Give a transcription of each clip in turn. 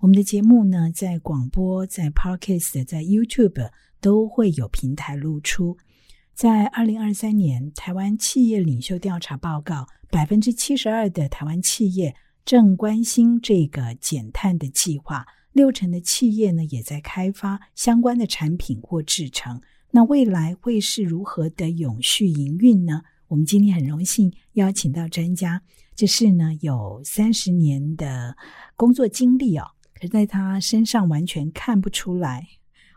我們的節目呢，在廣播、在 Podcast、在 YouTube 都會有平台露出。在二零二三年台灣企業領袖調查報告，百分之七十二的台灣企業正關心這個減碳的計劃，六成的企業呢也在開發相關的產品或製程。那未來會是如何的永續營運呢？我們今天很榮幸邀請到專家，這、就是呢有三十年的工作經歷哦。可是在他身上完全看不出來。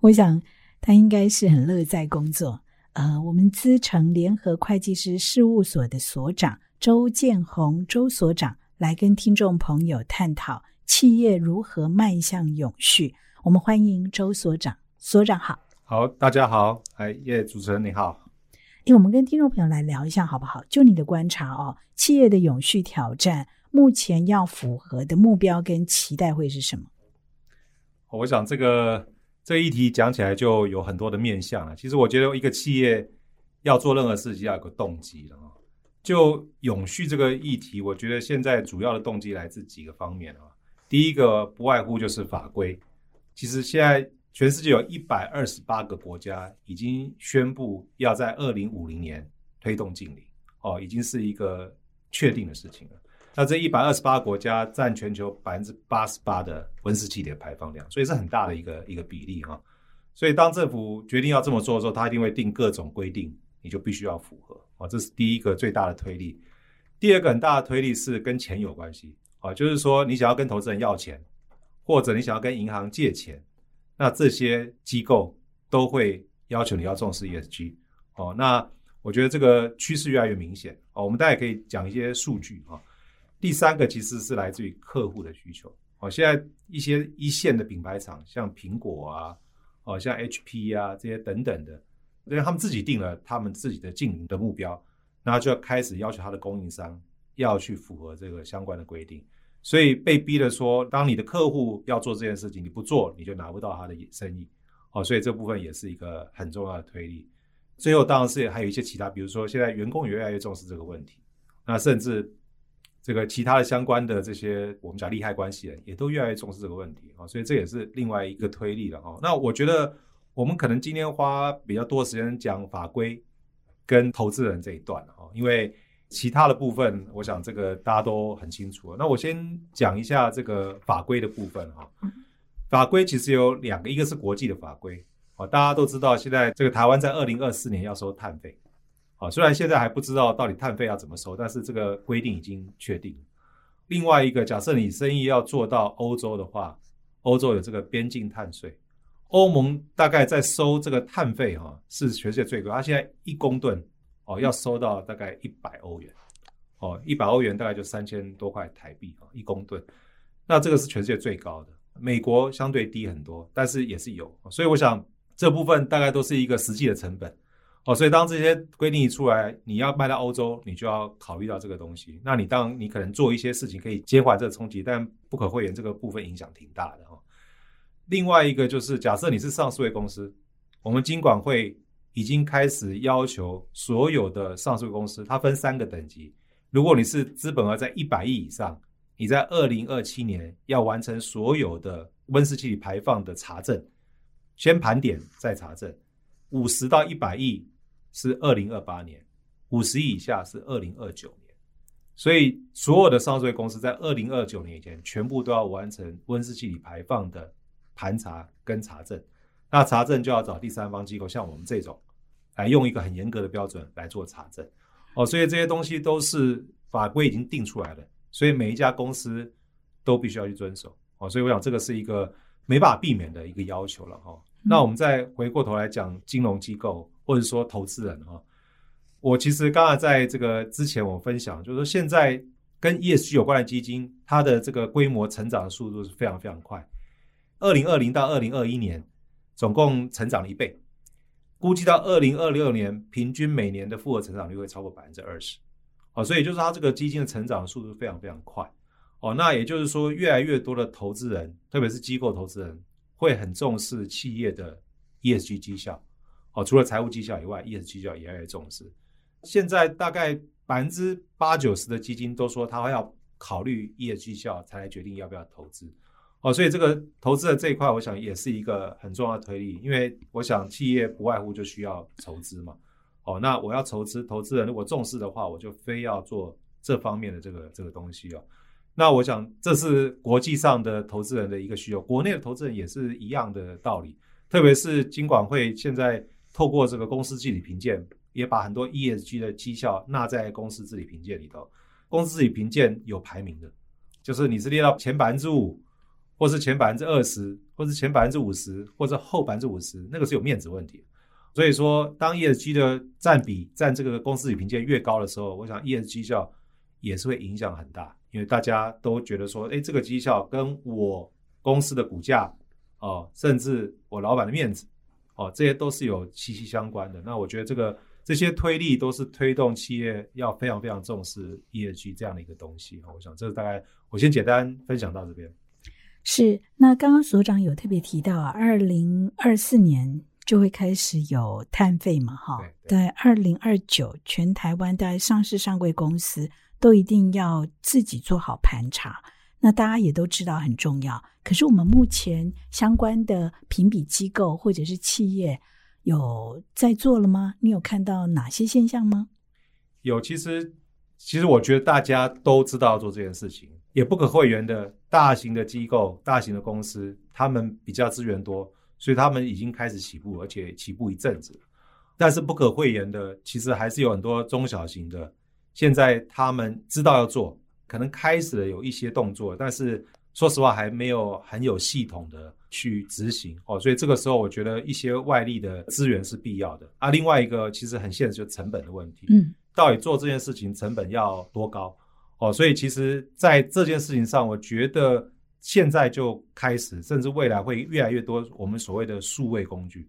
我想他應該是很樂在工作。呃，我們資誠聯合會計師事務所的所長周建宏周所長來跟聽眾朋友探討企業如何邁向永續。我們歡迎周所長。所長好，好，大家好，哎，葉主持人你好。欸，我們跟聽眾朋友來聊一下好不好？就你的觀察哦，企業的永續挑戰，目前要符合的目標跟期待會是什麼？我想這個這議題講起來就有很多的面向了，其實我覺得一個企業要做任何事情要有個動機的啊。就永續這個議題，我覺得現在主要的動機來自幾個方面啊。第一個不外乎就是法規，其實現在全世界有一百二十八個國家已經宣布要在二零五零年推動淨零哦，已經是一個確定的事情了。那這一百二十八個國家占全球百分之八十八的溫室氣體排放量，所以是很大的一個一個比例哈。所以當政府決定要這麼做的時候，它一定會定各種規定，你就必須要符合啊。這是第一個最大的推力。第二個很大的推力是跟錢有關係啊，就是說你想要跟投資人要錢，或者你想要跟銀行借錢，那這些機構都會要求你要重視 ESG。哦，那我覺得這個趨勢越來越明顯啊。我們大家可以講一些數據啊。第三個其實是來自於客戶的需求。哦，現在一些一線的品牌廠，像蘋果啊，哦，像 HP 啊這些等等的，因為他們自己定了他們自己的經營的目標，那就要開始要求他的供應商要去符合這個相關的規定。所以被逼的說，當你的客戶要做這件事情，你不做你就拿不到他的生意。哦，所以這部分也是一個很重要的推力。最後當然是還有一些其他，比如說現在員工也越來越重視這個問題，那甚至。這個其他的相關的這些我們講利害關係人也都越來越重視這個問題啊，哦，所以這也是另外一個推力了，哦，那我覺得我們可能今天花比較多的時間講法規跟投資人這一段，哦，因為其他的部分我想這個大家都很清楚。那我先講一下這個法規的部分，哦，法規其實有兩個，一個是國際的法規啊，大家都知道現在這個台灣在二零二四年要收碳費。雖然現在還不知道到底碳費要怎麼收，但是這個規定已經確定了。另外一個，假設你生意要做到歐洲的話，歐洲有這個邊境碳稅，歐盟大概在收這個碳費哈，是全世界最高。它現在一公噸哦要收到大概一百歐元，哦一百歐元大概就三千多塊台幣啊一公噸。那這個是全世界最高的，美國相對低很多，但是也是有。所以我想這部分大概都是一個實際的成本。哦，所以當這些規定一出來，你要賣到歐洲，你就要考慮到這個東西。那你當你可能做一些事情可以接緩這個衝擊，但不可諱言這個部分影響挺大的哦。另外一個就是，假設你是上市櫃公司，我們金管會已經開始要求所有的上市櫃公司，它分三個等級。如果你是資本額在一百億以上，你在二零二七年要完成所有的溫室氣體排放的查證，先盤點再查證，五十到一百億。是二零二八年，五十億以下，是二零二九年，所以所有的上市公司在二零二九年以前，全部都要完成溫室氣體排放的盤查跟查證。那查證就要找第三方機構，像我們這種，來用一個很嚴格的標準來做查證。哦，所以這些東西都是法規已經定出來了，所以每一家公司都必須要去遵守。哦，所以我想這個是一個沒辦法避免的一個要求了哈、哦。嗯、那我們再回過頭來講金融機構。或者說投資人啊，我其實剛剛在這個之前我分享，就是說現在跟 ESG 有關的基金，它的這個規模成長的速度是非常非常快。二零二零到二零二一年，總共成長了一倍，估計到二零二六年平均每年的複合成長率會超過百分之二十。哦，所以就是它這個基金的成長的速度是非常非常快。哦，那也就是說，越來越多的投資人，特別是機構投資人，會很重視企業的 ESG 績效。哦，除了財務績效以外，ES 績效也要重視。現在大概百分之八九十的基金都說，他要考慮 ES 績效才來決定要不要投資。哦，所以這個投資的這一塊，我想也是一個很重要的推力，因為我想企業不外乎就需要籌資嘛。哦，那我要籌資，投資人如果重視的話，我就非要做這方面的這個這個東西哦，那我想這是國際上的投資人的一個需求，國內的投資人也是一樣的道理，特別是金管會現在。透過這個公司治理評鑑，也把很多 ESG 的績效納在公司治理評鑑裡頭。公司治理評鑑有排名的，就是你是列到前百分之五，或是前百分之二十，或是前百分之五十，或者後百分之五十，那個是有面子問題。所以說，當 ESG 的占比占這個公司治理評鑑越高的時候，我想 ESG 績效也是會影響很大，因為大家都覺得說，哎，這個績效跟我公司的股價，哦、呃，甚至我老板的面子。哦，這些都是有息息相關的。那我覺得這個這些推力都是推動企業要非常非常重視 ESG 這樣的一個東西。我想這大概我先簡單分享到這邊。是，那剛剛所長有特別提到啊，二零二四年就會開始有碳費嘛？哈，對，二零二九全台灣的上市上櫃公司都一定要自己做好盤查。那大家也都知道很重要，可是我們目前相關的評比機構或者是企業有在做了嗎？你有看到哪些現象嗎？有，其實其實我覺得大家都知道要做這件事情，也不可諱言的，大型的機構、大型的公司，他們比較資源多，所以他們已經開始起步，而且起步一陣子。但是不可諱言的，其實還是有很多中小型的，現在他們知道要做。可能開始了有一些動作，但是說實話還沒有很有系統的去執行哦，所以這個時候我覺得一些外力的資源是必要的啊。另外一個其實很現實，就是成本的問題，嗯，到底做這件事情成本要多高哦？所以其實在這件事情上，我覺得現在就開始，甚至未來會越來越多。我們所謂的數位工具，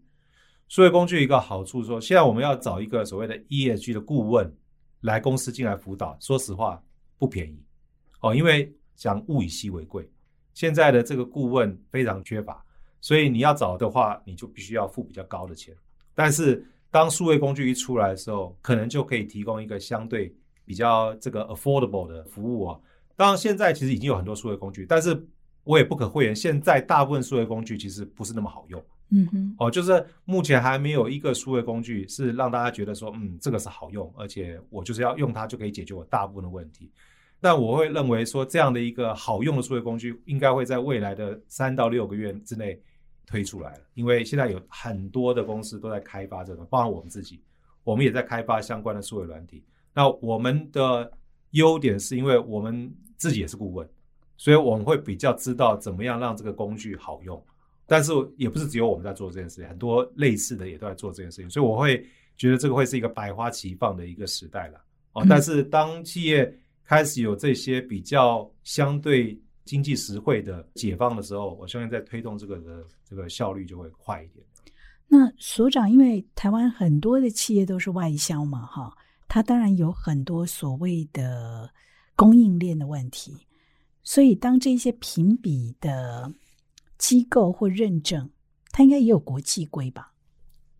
數位工具一個好處說，現在我們要找一個所謂的 ESG 的顧問來公司進來輔導，說實話不便宜。哦，因為講物以稀為貴，現在的這個顧問非常缺乏，所以你要找的話，你就必須要付比較高的錢。但是當數位工具一出來的時候，可能就可以提供一個相對比較這個 affordable 的服務哦、啊，當然，現在其實已經有很多數位工具，但是我也不可諱言，現在大部分數位工具其實不是那麼好用。嗯哼，哦，就是目前還沒有一個數位工具是讓大家覺得說，嗯，這個是好用，而且我就是要用它就可以解決我大部分的問題。但我會認為說，這樣的一個好用的數位工具，應該會在未來的三到六個月之內推出來。因為現在有很多的公司都在開發這種，包括我們自己，我們也在開發相關的數位軟體。那我們的優點是因為我們自己也是顧問，所以我們會比較知道怎麼樣讓這個工具好用。但是也不是只有我們在做這件事情，很多類似的也都在做這件事情，所以我會覺得這個會是一個百花齊放的一個時代了。哦，但是當企業開始有這些比較相對經濟實惠的解方的時候，我相信在推動這個的這個效率就會快一點。那所長，因為台灣很多的企業都是外銷嘛，哈，它當然有很多所謂的供應鏈的問題，所以當這些評比的機構或認證，它應該也有國際規吧？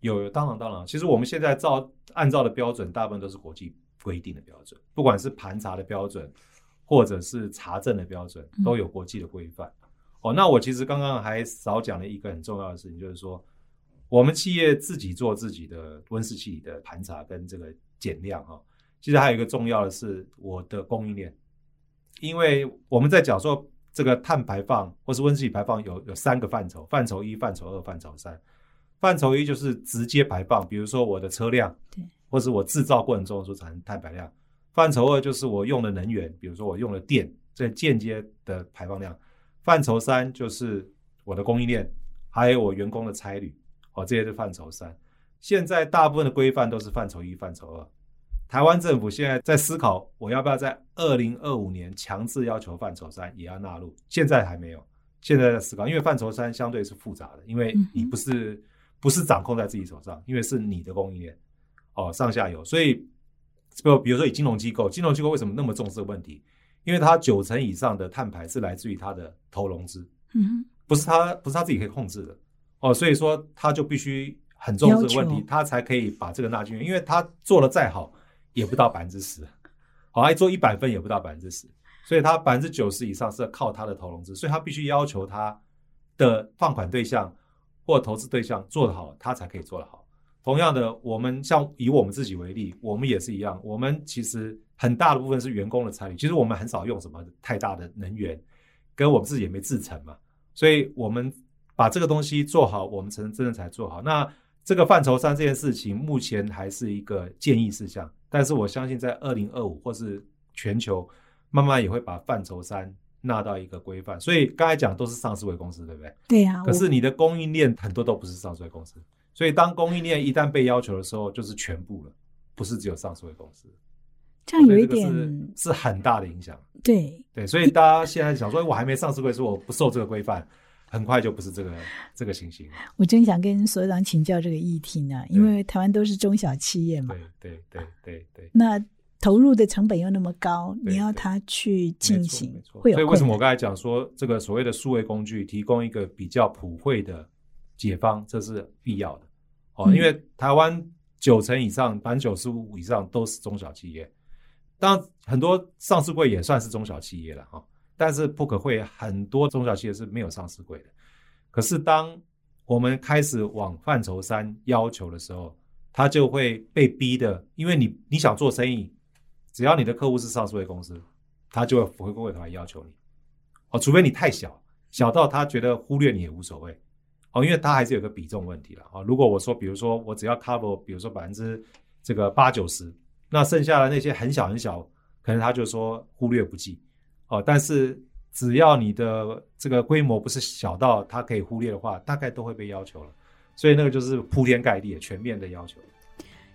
有，當然，當然，其實我們現在照按照的標準，大部分都是國際。規定的標準，不管是盤查的標準，或者是查證的標準，都有國際的規範。嗯、哦，那我其實剛剛還少講了一個很重要的事情，就是說，我們企業自己做自己的溫室氣體的盤查跟這個減量哈、哦。其實還有一個重要的是我的供應鏈，因為我們在講說這個碳排放或是溫室氣體排放有有三個範疇：範疇一、範疇二、範疇三。範疇一就是直接排放，比如說我的車輛。對。或是我製造過程中所產生碳排放量，範疇二就是我用的能源，比如說我用的電，這間接的排放量。範疇三就是我的供應鏈，還有我員工的差旅，哦，這些是範疇三。現在大部分的規範都是範疇一、範疇二。台灣政府現在在思考，我要不要在二零二五年強制要求範疇三也要納入？現在還沒有，現在在思考，因為範疇三相對是複雜的，因為你不是、嗯、哼不是掌控在自己手上，因為是你的供應鏈。哦，上下游，所以不，比如說以金融機構，金融機構為什麼那麼重視個問題？因為它九成以上的碳排是來自於它的投融資，嗯哼不他，不是它不是它自己可以控制的，哦，所以說它就必須很重視個問題，它求才可以把這個納進去，因為它做得再好，也不到百分之十，好、哦，還做一百分也不到百分之十，所以它百分之九十以上是要靠它的投融資，所以它必須要求它的放款對象或投資對象做得好，它才可以做得好。同樣的，我們像以我們自己為例，我們也是一樣。我們其實很大的部分是員工的參與。其實我們很少用什麼太大的能源，跟我們自己也沒製程嘛。所以，我們把這個東西做好，我們才能真正才做好。那這個範疇三這件事情，目前還是一個建議事項。但是我相信，在二零二五或是全球，慢慢也會把範疇三納到一個規範。所以剛才講都是上市櫃公司，對不對？對呀、啊。可是你的供應鏈很多都不是上市櫃公司。.所以，當供應鏈一旦被要求的時候，就是全部了，不是只有上市櫃公司。這樣有一點是，是很大的影響。對對，所以大家現在想說，我還沒上市櫃是我不受這個規範，很快就不是這個這個情形。我真想跟所長請教這個議題呢、啊，因為台灣都是中小企業嘛，對對對對對，對，那投入的成本又那麼高，對對對，你要他去進行會有困難。所以為什麼我剛才講說，這個所謂的數位工具提供一個比較普惠的解方，這是必要的。哦，因為台灣九成以上，百分之九十五以上都是中小企業，當然很多上市櫃也算是中小企業了哈。但是不可諱，很多中小企業是沒有上市櫃的。可是當我們開始往範疇三要求的時候，他就會被逼的，因為你你想做生意，只要你的客戶是上市櫃公司，他就會回過頭來要求你。哦，除非你太小，小到他覺得忽略你也無所謂。哦，因為它還是有個比重問題了啊。如果我說，比如說我只要 cover，比如說百分之這個八九十，那剩下的那些很小很小，可能他就說忽略不計。哦，但是只要你的這個規模不是小到它可以忽略的話，大概都會被要求了。所以那個就是鋪天蓋地、全面的要求。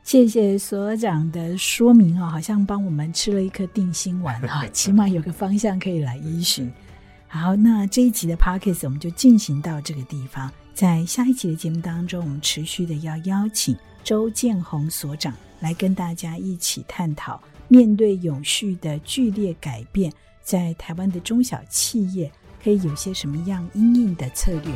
謝謝所長的說明哦，好像幫我們吃了一顆定心丸哈、哦，起碼有個方向可以來依循。 好，那這一集的 podcast 我們就進行到這個地方。在下一集的節目當中，我們持續的要邀請周建宏所長來跟大家一起探討，面對永續的劇烈改變，在台灣的中小企業可以有些什麼樣因應的策略。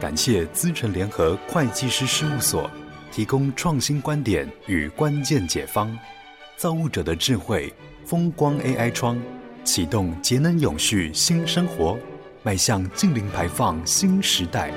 感謝資誠聯合會計師事務所提供創新觀點與關鍵解方。造物者的智慧，風光 AI 窗，啟動節能永續新生活，邁向淨零排放新時代。